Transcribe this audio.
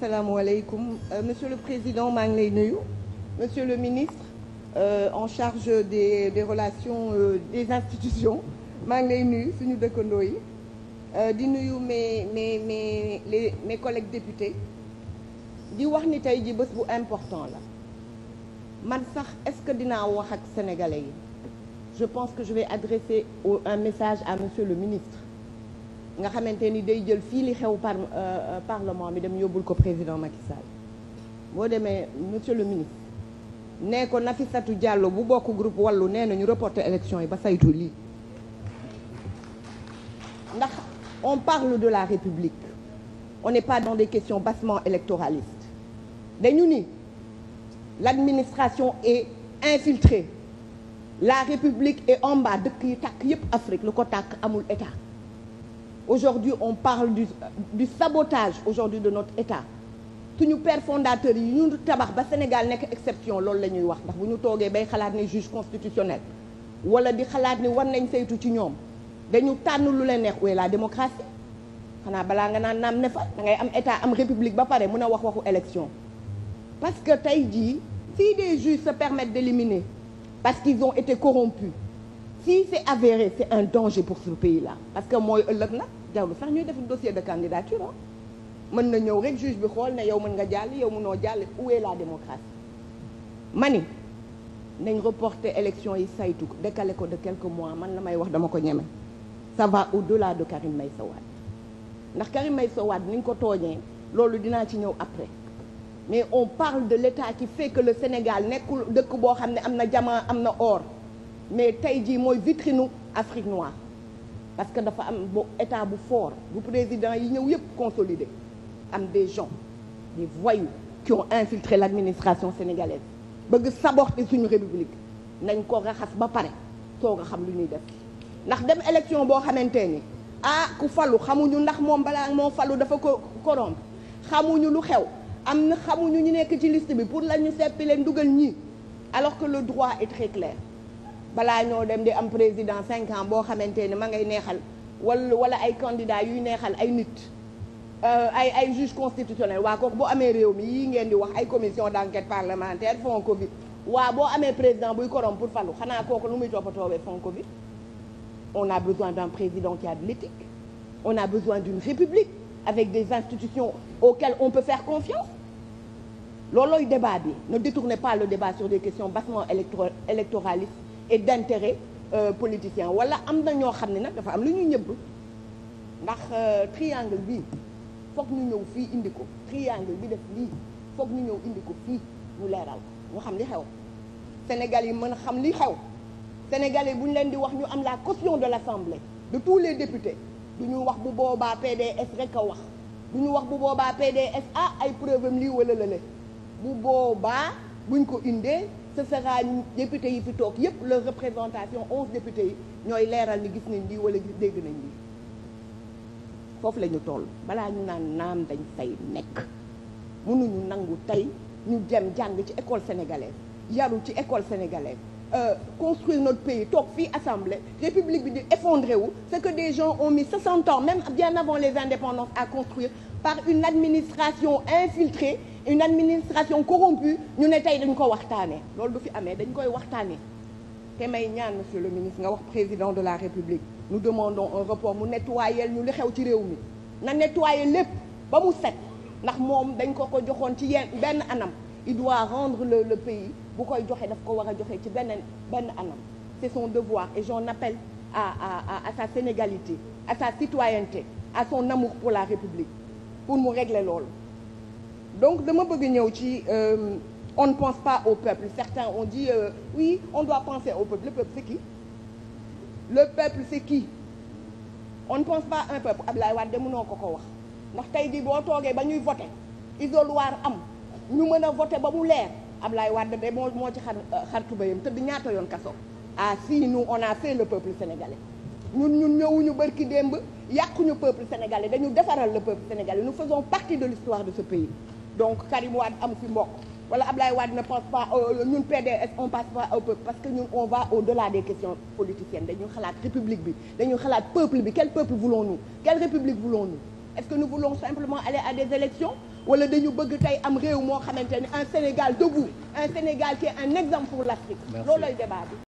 salaamaaleykum euh, monsieur le président maa ngi lay nuyu monsieur le ministre euh, en charge des des relations euh, des institutions maa ngi lay nuyu suñu dëkkandoo yi euh, di nuyu mes mes mes les mes collègues députés di wax ni tey ji bés bu important la man sax est-ce que dinaa wax ak sénégalais yi je pense que je vais adresser un message à monsieur le ministre nga xamante ni day jël fii li xew par euh, euh, parlement mi dem yóbbul ko président Macky Sall boo demee monsieur le ministre nee ko Nafissatou Diallo bu bokk groupe wallu nee na ñu reporter élection yi ba saytu lii ndax on parle de la république on n'est pas dans des questions bassement électoralistes dañu ni l'administration est infiltrée la république est en bas dëkk yi tàkk yépp Afrique lu ko tàkk amul état aujourd'hui on parle du du sabotage aujourd'hui de notre état suñu père fondateur yi ñu tabax ba Sénégal nekk exception loolu la ñuy wax ndax bu ñu toogee bay xalaat ni juge constitutionnel wala di xalaat ni war nañ saytu ci ñoom dañu tànn lu leen neex wee la démocratie xanaa balaa nga naan naam ne fa ngay am état am république ba pare mun a wax waxu élection parce que tey jii si des juges se permettent d'éliminer parce qu'ils ont été corrompus si c'est avéré un danger pour ce parce que mooy ëllëg nag jarul sax ñuy deful dossier de candidature ah. mën na ñëw rek juge bi xool ne yow mën nga jàll yow mënoo jàll où est la démocratie ma ni nañ reporter élection yi saytu décalé ko de quelque mois man la may wax dama ko ñeme ça va au-delà de Karim may Wade ndax Karim may sowaat ni ñu ko tooñee loolu dinaa ci ñëw après mais on parle de l'état qui fait que le Sénégal nekkul dëkk boo xam ne am na diamant am na or mais tey jii mooy vitrinu Afrique noire parce que dafa am bu état bu fort bu président yi ñëw yëpp consolider am des gens des voyous qui ont infiltré l'administration sénégalaise bëgg saboter suñu république nañ ko raxas ba pare soog nga xam lu ñuy def ndax dem élection boo xamante ni ah ku falu xamuñu ndax moom balaa moo falu dafa ko corrompre xamuñu lu xew am na xamuñu ñu nekk ci liste bi pour la ñu seppi leen dugal ñii alors que le droit est très clair balaa ñoo dem di am président cinq ans boo xamante ne ma ngay neexal wala wala ay candidats yuy neexal ay nit euh, ay ay juge constitutionnel wa kooku boo amee réew mi yii ngeen di wax ay commission d'enquête parlementaire fond Covid waa boo amee président buy korom pour falu xanaa kooku lu muy toppatoowee fond Covid on a besoin d'un président qui a de l'éthique on a besoin d'une république avec des institutions auxquelles on peut faire confiance loolooy débat bi ne détournez pas le débat sur des questions bassement électoralistes et d'intérêt euh, politicien wala am na ñoo xam ne nag dafa am lu ñuy ñëbb ndax euh, triangle bi foog ñu ñëw fii indi ko triangle bi def lii foog ñu ñëw indi ko fii ñu leeral ko ñu xam li xew Sénégal yi mën a xam li xew Sénégalais bu ñu leen di wax ñu am la caution de l'Assemblée de tous les députés du ñu wax bu boobaa PDS rek a wax du ñu wax bu boobaa PDS ah ay preuve am lii wala lële bu boobaa buñ ko indee ce sera député yi fi toog yépp leur représentation onze députés yi ñooy leeral ni gis nañ lii wala gis dégg nañ lii foofu la ñu toll balaa ñu naan naam dañ fay nekk mënuñu nangu tey ñu dem jàng ci école sénégalaise yaru ci école sénégalaise euh, construire notre pays toog fii assemblée république bi di effondré wu ce que des gens ont mis 60 ans même bien avant les indépendances à construire par une administration infiltrée une administration corrompue ñu ne tey dañ ko waxtaanee loolu du fi amee dañ koy waxtaanee te may ñaan monsieur le ministre nga wax président de la république nous demandons un report mu nettoyel ñu li xew ci réew mi na nettoyer lépp ba mu set ndax moom dañ ko ko joxoon ci yenn benn anam il doit rendre le le pays bu koy joxe daf ko war a joxe ci benn benn anam c'est son devoir et j'en appelle à à à sa sénégalité à sa citoyenneté à son amour pour la république pour mu régler loolu donc dama bëgg ñëw ci on ne pense pas au peuple certains ont dit euh, oui on doit penser au peuple le peuple c'est qui le peuple c'est qui on pense pas un peuple Abdoulaye Wade mënoo ko ko wax ndax tey di boo toogee ba ñuy voté isoloir am ñu mën a voté ba mu leer Abdoulaye Wade de moo moo ci xar euh, xartu bayam tëdd ñaata yoon kaso ah si nu on a fait le peuple sénégalais ñun ñun ñëwuñu bërki démb yàquñu peuple sénégalais dañu defaral le peuple sénégalais nous faisons partie de l'histoire de donc Karim am fi mbokk wala Ablaye Wade ne pense pas euh, ñun PDS on passe pas au peuple parce que ñun on va au-delà des questions politiciennes dañu xalaat république bi dañu xalaat peuple bi quel peuple voulons-nous quelle république voulons-nous est-ce que nous voulons simplement aller à des élections wala dañu bëgg tey am réew moo xamante ne un Sénégal debout un Sénégal qui est un exemple pour l'Afrique loolooy débat bi